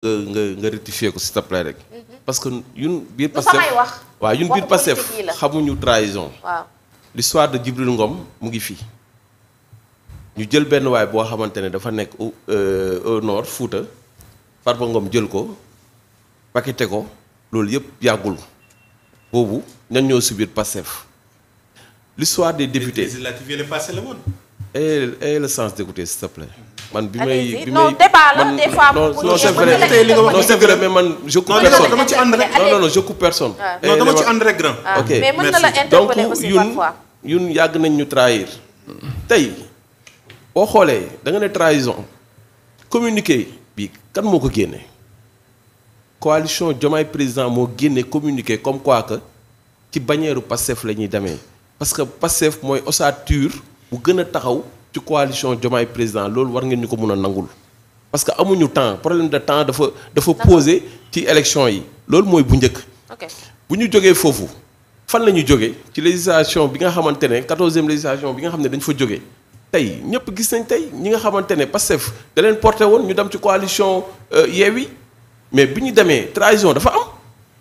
nga nga ko s'il te plaît rek. Mhm. parce que yun biir Pastef waaw yun biir Pastef xamuñu trahison. waaw l'histoire de Djibril ngoom mu ngi fii ñu jël benn waay boo xamante ne dafa nekk au euh, au nord Fouta Farba jël ko paqueté ko loolu yëpp yàggul boobu ñan ñoo subir Pastef l'histoire des députés législatives yi passé la woon ayez ayez le sens d'écouter s'il te plaît. man bi may bi may non débat la des fois non c'est vrai non c'est vrai mais man je coupe personne dama ci ànd rek non non je coupe personne. Ah. non dama ci eh, ànd rek grand. Ah. ok mais mën na la interpeller aussi parfois donc ñun ñun yàgg nañ ñu trahir. tey boo xoolee da nga ne trahison communiqué bi kan moo ko génne. coalition Diomaye président moo génne communiqué comme quoi que ci bannière Pastef la ñuy demee parce que Pastef mooy ossature. bu gën a taxaw ci coalition Diomaye président loolu war ngeen ñu ko mun a nangul parce que amuñu temps problème de temps dafa dafa posé ci élection yi loolu mooy bu njëkk bu ñu jógee foofu fan la ñu jógee ci législation bi nga xamante ne quatorzième législation bi nga xam ne dañu fa jóge tey ñëpp gis nañ tey ñi nga xamante ne Pastef da leen porté woon ñu dem ci coalition euh, Yewwi mais bi ñu demee trahison dafa am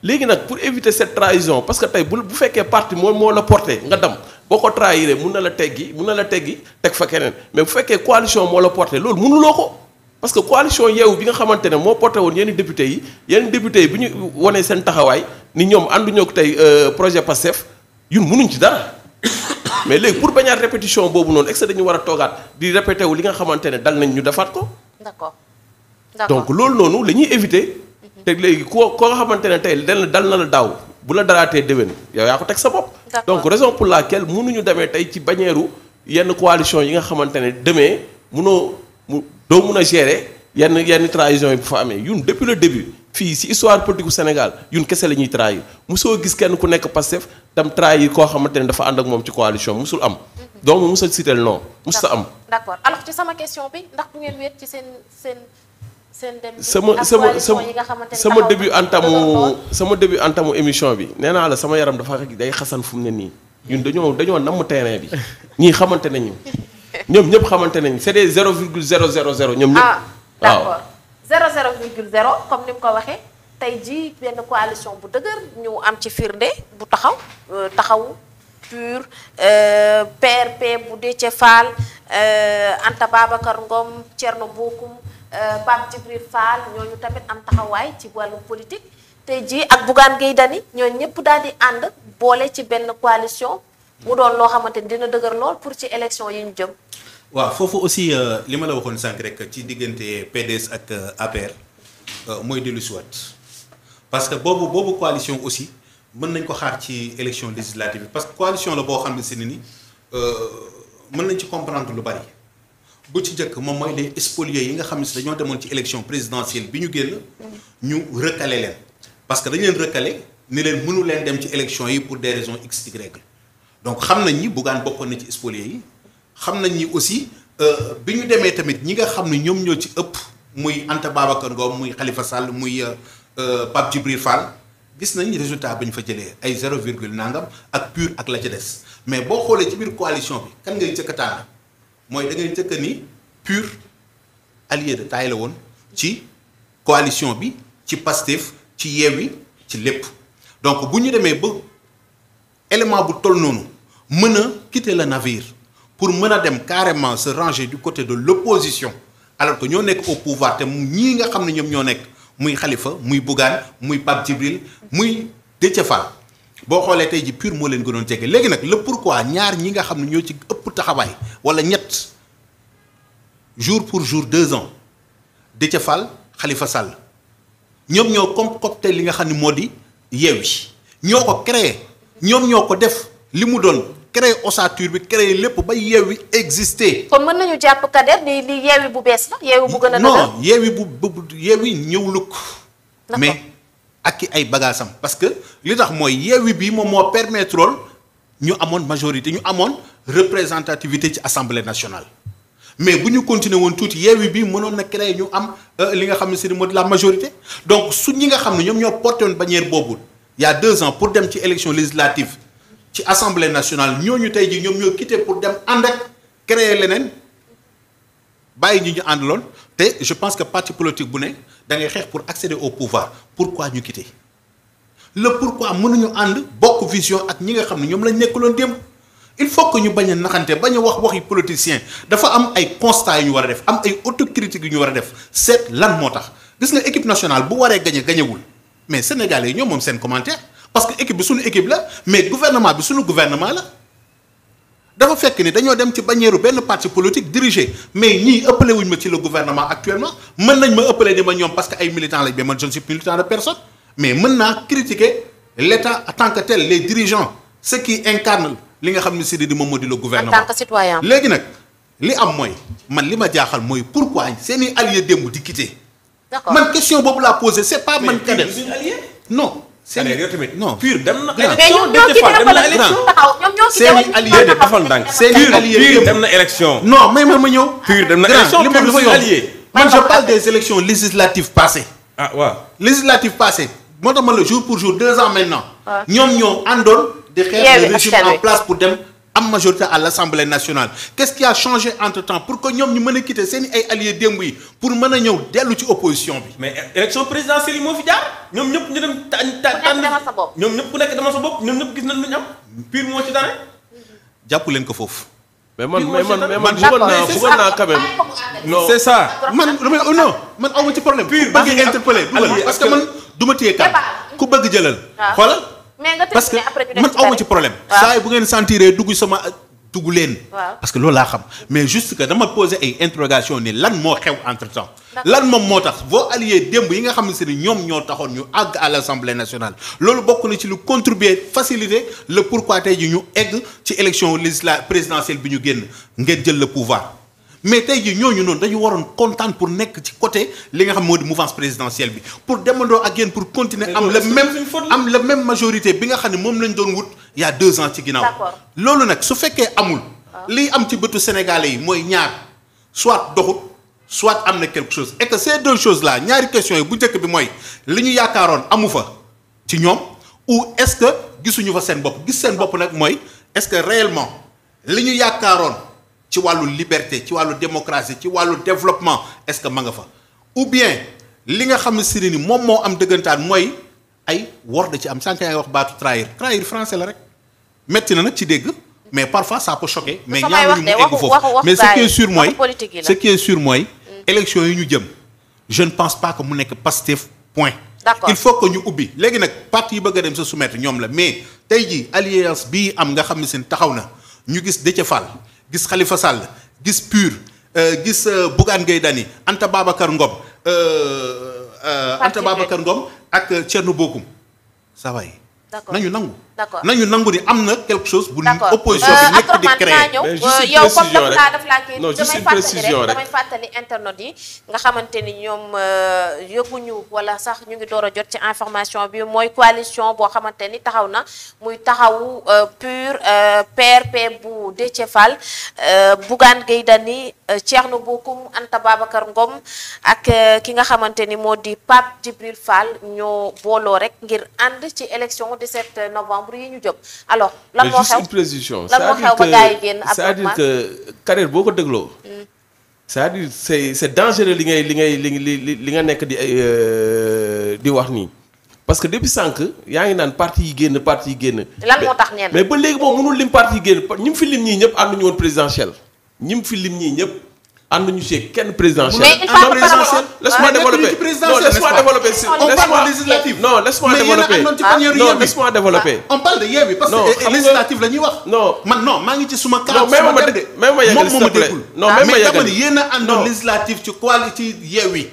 léegi nag pour éviter cette trahison parce que tey bu bu fekkee parti moom moo la porté nga dem boo ko trahiré mun na la teggi mun na la teggi teg fa keneen mais bu fekkee coalition moo la porté loolu mënuloo ko parce que coalition yeewu bi nga xamante ne moo porté woon yenn député yi yenn député yi bu ñu wanee seen taxawaay ni ñoom ànduñoo ko tey euh, projet PASTEF yun munuñ ci dara mais léegi pour bañaat répétition boobu noonu est-ce dañu war a toogaat di répété wu li nga xamante ne dal nañ ñu defaat ko. d'accord donc loolu noonu la ñuy éviter. Mm-hmm. te léegi koo koo nga xamante ne tey dal na la daaw bu la daraatee déwén yow ko teg sa bopp. donc raison pour laquelle mënuñu demee tey ci bañeeru yenn coalition yi nga xamante ne demee mënoo mu doo mun a gérer yenn yenn trahison yi bu fa amee yun depuis le début fii si histoire politique gu Sénégal yun kese la ñuy trahir mosoo gis kenn ku nekk Pastef tam trahir koo xamante ne dafa ànd ak moom ci coalition musul am. Mhm. donc musul citer non musul am. d'accord ci sama question bi ndax du ngeen wéet ci seen seen. sama sama sama sama début entamu sama début entamu émission bi nee naa la sama yaram dafa day xasan fu mu ne nii ñun dañoo dañoo namm terrain bi ñii xamante nañu ñoom ñëpp xamante nañu c'est des zéro virgule zéro zéro zéro ñoom ñëpp ah, d'accord zéro zéro virgule zéro comme ni mu ko waxee tey jii benn coalition bu dëgër ñu am ci firnde bu taxaw euh, taxaw pur PRP euh, bu Déthié Fall euh, Anta Babacar Ngom Thierno Bocoum Euh, Pape Djibril Fall ñooñu tamit am taxawaay ci wàllum politique tey jii ak Bougane Gueye Dany ñoo ñëpp daal di ànd boole ci benn coalition mu doon loo xamante ni dina dëgër lool pour ci élection yi ñu jëm. waaw foofu aussi euh, li ma la waxoon sànq rek ci diggante PDS ak euh, APR mooy dellu si waat parce que boobu boobu coalition aussi mën nañ ko xaar ci élection législative parce que coalition la boo xam ne si ni mën nañ ci comprendre lu bari. bu ci njëkk moom mooy les spoliés yi nga xam ne si dañoo demoon ci élection présidentielle bi ñu génn ñu recalé leen parce que dañu leen recalé ni leen mënu leen dem ci élection yi pour des raisons x y donc xam nañ ni Bougane bokkoon na ci spoliés yi xam nañ ñi aussi euh, bi ñu demee tamit ñi nga xam ni ñoom ñoo ci ëpp muy Anta Babacar Ngom muy xalifa sàll muy euh, euh, Pape Djibril Fall gis nañ résultat bi ñu fa jëlee ay zéro virgule nangam ak pur ak la ca des mais boo xoolee ci biir coalition bi kan ngay jëkkataan mooy da ngay njëkk ni pur allié de taille la woon ci coalition bi ci Pastef ci Yewwi ci lépp donc bu ñu demee ba élément bu toll noonu mën a quitter le navire pour mën a dem carrément se ranger du côté de l'opposition alors que ñoo nekk au pouvoir te ñii nga xam ne ñoom ñoo nekk muy xalifa muy Bougane muy Pape Djibril muy Déthié Fall boo xoolee tey ji pur moo leen gënoon jege léegi nag le pourquoi ñaar ñi nga xam ne ñoo ci ëpp taxawaay wala ñett jour pour jour deux ans Déthié Fall xalifa Sall ñoom ñoo comme cocktail li nga xam ne moo di Yewwi ñoo ko créer ñoom ñoo ko def li mu doon créé ossature bi yi lépp ba Yewwi existé. kon mën nañu jàpp Kader ni li Yewwi bu bees la. Yewwi bu gën a dëgër non Yewwi bu bu Yewwi ñëwuluk mais. ak ay bagages am parce que li tax mooy yeewi bii moom moo permettre ñu amoon majorité ñu amoon représentativité ci assemblée nationale. mais bu ñu continuer woon tuuti yeewi bi mënoon na créer ñu am euh, li nga xam ne c'est moo de la majorité donc su ñi nga xam ne ñoom ñoo porté woon bannière boobu il a deux ans pour dem ci élection législative ci assemblée nationale ñooñu tey jii ñoom ñoo quitté pour dem ànd ak créer leneen bàyyi ñu ñu lool te je pense que parti politique bu ne da ngay xeex pour accéder au pouvoir pourquoi ñu quitter le pourquoi mënuñu ànd bokk vision ak ñi nga xam ne ñoom lañ loon démb il faut que ñu bañ a naxante bañ a wax waxi politicien dafa am ay constat yu ñu war a def am ay autocritique yu ñu war a def seet lan moo tax gis nga équipe nationale bu waree gañe gañewul mais sénégalais yi ñoo moom seen commentaire parce que équipe bi suñu équipe la mais gouvernement bi suñu gouvernement la dafa fekk ni dañoo dem ci bañeeru benn parti politique dirigé mais ñii ëppale wuñ ma ci le gouvernement actuellement mën nañ ma ëppale ni ma ñoom parce que ay militants lañ mais man je ne suis militant de personne mais mën tant que tel les dirigeants ceux qui nga xam ne si moom moo di le gouvernement en tant li am mooy man li ma jaaxal mooy pour seen seeni alliés démb di quitter. man question boobu laa posé c'est pas man. ka def non. seen i yow tamit non pur dem na. élection dem na élection. non may ma ma ñëw. pur dem na élection pur dafa yomb man je parle des élections législatives passées. ah waaw législatives passées moo tax ma la jour pour jour deux ans maintenant. Ah. ñoom ñoo àndoon. di xeex le régime en place pour dem. am majorité à l'Assemblée nationale qu'est-ce qui a entre-temps pour que ñoom ñu mën a quitter seen ay alliés démb yi pour mën a ñëw dellu ci opposition bi. mais élection présidentielle yi moo fi jaar ñoom ñëpp ñu dem. tànn tànn ñoom ñëpp ku nekk dama sa bopp ñoom ñëpp gis nañ lu ñu am pire moo ci dara. jàpp leen ko foofu. mais man mais man mais man bëggoon naa bëggoon naa quand même. Ah, non man non ma ci problème. pire bëgg interpeller parce que man du ma téye kan ku bëgg jëlal ah. xoolal. mais parce que man awma ci problème. saa yi bu ngeen sentiree dugg sama dugg leen. parce que loolu laa xam mais juste que dama poser ay interrogation nii lan moo xew entre temps. lan moom moo tax boo allié démb yi nga xam ne ñoom ñoo taxoon ñu àgg à l' assemblée nationale loolu bokk na ci lu contribuer faciliter le pourquoi tey ji ñu egg ci élection législative présidentielle bi ñu génn ngeen jël la pouvoir. mais tey jii ñooñu noonu dañu waroon kontaan pour nekk ci côté li nga xam moo di mouvance présidentielle bi pour demandoo ak yéen pour continuer am la même am la même majorité bi nga xam ne moom lañ doon wut yaa y a deux ans ci ginnaaw loolu nag su fekkee amul ah. lii am ci bëtu sénégalais yi mooy ñaar soit doxut soit am na quelque chose et que ces deux choses là ñaari questions yi bu njëkk bi mooy li ñu yaakaaroon amu fa ci ñoom ou est-ce que gisuñu fa seen bopp gis seen bopp nag mooy est-ce que réellement li ñu yaakaaroon ci wàllu liberté ci wàllu démocratie ci wàllu développement est-ce que ma nga fa ou bien li nga xam ne si ni moom moo am dëggantaan mooy ay wor da ci am sànq yaa ngi wax baatu trahir trahir français la rek metti na nag ci dégg mais parfois ça peut choquer mais ñaanuñu mu egg foofu mais ce qui est sur mooy ce qui est sûr mooy mm. élection yi ñu jëm jeune ne pense pas mu nekk Pastef point d'accord il faut que ñu ubbi léegi nag parti yi bëgg a dem sa soumettre ñoom la mais tey jii alliance bii am nga xam ne seen taxaw na ñu gis Déthié Fall gis Khalifa Sall gis PUR euh, gis euh, Bougane Gueye Dany Anta Babacar Ngom. Euh, Anta Babacar Ngom ak Thierno Bocoum ça va d'accord nañu nangu. d'accord nañu nangu ni am na quelque chose. bu opposition bi euh, nekk di créer mais euh, juste une précision rek yow daf laa kii damay fàttali rek yi. nga xamante ni ñoom euh, yëguñu walla sax ñu ngi door a jot ci information bi mooy coalition boo xamante ni taxaw na muy taxawu PUR PRP bu Déthié Fall Bougane Gueye Thierno Bocoum Anta Babacar Ngom ak eh, ki nga xamante ni moo di Pape Djibril Fall ñoo booloo rek ngir ànd ci élection 17 novembre yi ñu jóg alors lan moo xew précision lan moo xew ba gars yi génn c'est-à-dire que carrière boo ko dégloo hmm. c'est-à-dire c'est c'est dangereux li ngay li ngay li li li nga nekk di euh, di wax nii parce que depuis sànq yaa ngi naan parti yi génn parti yi génn lan moo tax ñenn mais ba léegi moom mënul lim parti yi génn ñi mu fi lim ñii ñëpp ànduñu woon présidentielle ñim fi lim ñii ñëpp ànd ñu ci kenn présidentiel. mais pas ah, présidentiel laisse-moi ah, développer non laisse-moi développer on parle de législative non laisse-moi développer non laisse-moi développer ah, on parle de Yewwi parce que législative la ñuy wax non man non maa ngi ci suma kaw suma dëgg même ma yeggali s'il te plaît non même ma yeggali mais dama ni yéen a àndoon législative ci quoi ci Yewwi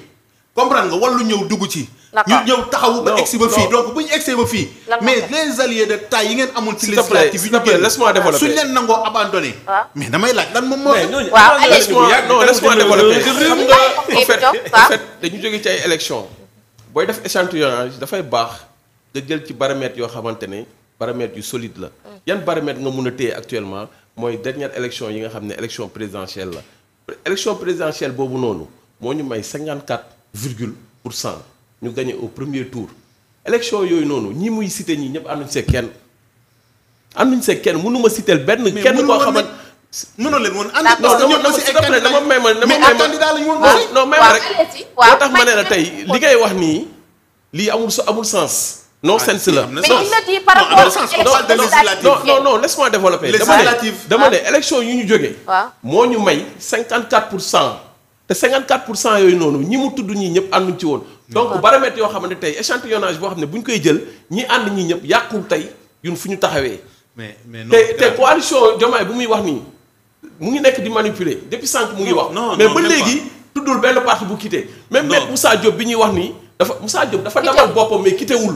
comprendre nga wallu ñëw dugg ci ñu ñëw taxawu ba egsi ba fii donc bu ñu egsee ba fii mais les alliés de taille yi ngeen amul ci législative yi ñu génn laisse-moi développer suñu leen nangoo abandonné mais damay laaj lan moom moo non laisse-moi développer xam nga en dañu jóge ci ay élection booy def échantillonnage dafay baax nga jël ci baromètre yoo xamante ne baromètre yu solide la mm. yan baromètre nga mun a téye actuellement mooy dernière élection yi nga xam ne élection présidentielle la élection présidentielle boobu noonu moo ñu may 54 virgule pour cent ñu gagné au premier tour élection yooyu noonu ñi muy cité ñi ñëpp ànduñ see kenn ànduñ see kenn mënu ma cité benn. kenn koo xamante mënoo leen woon ànd. parce que ñoom aussi ay dama may ma dama may ma non may ma rek. waaw moo tax ma ne la tey li ngay wax nii lii amul su amul sens. non ah, sens la non non non laisse-moi développer. dama ne dama ne ah. élection yu ñu jógee. waaw moo ñu may 54 pour cent. te 54 pour cent yooyu noonu ñi mu tudd ñii ñëpp ànduñ ci woon. donc baromètre yoo xamante tey échantillonnage boo xam ne bu ñu koy jël ñi ànd ñi ñëpp yàqul tey yun fu ñu taxawee. mais mais non te te coalition Diomaye bu muy wax nii mu ngi nekk di manipuler depuis sànq mu ngi wax. mais ba léegi tuddul benn parti bu quitté. même même Moussa Diop bi ñuy wax nii dafa Moussa Diop dafa demal boppam mais quitté wul.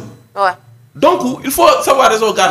donc il faut savoir raison garder.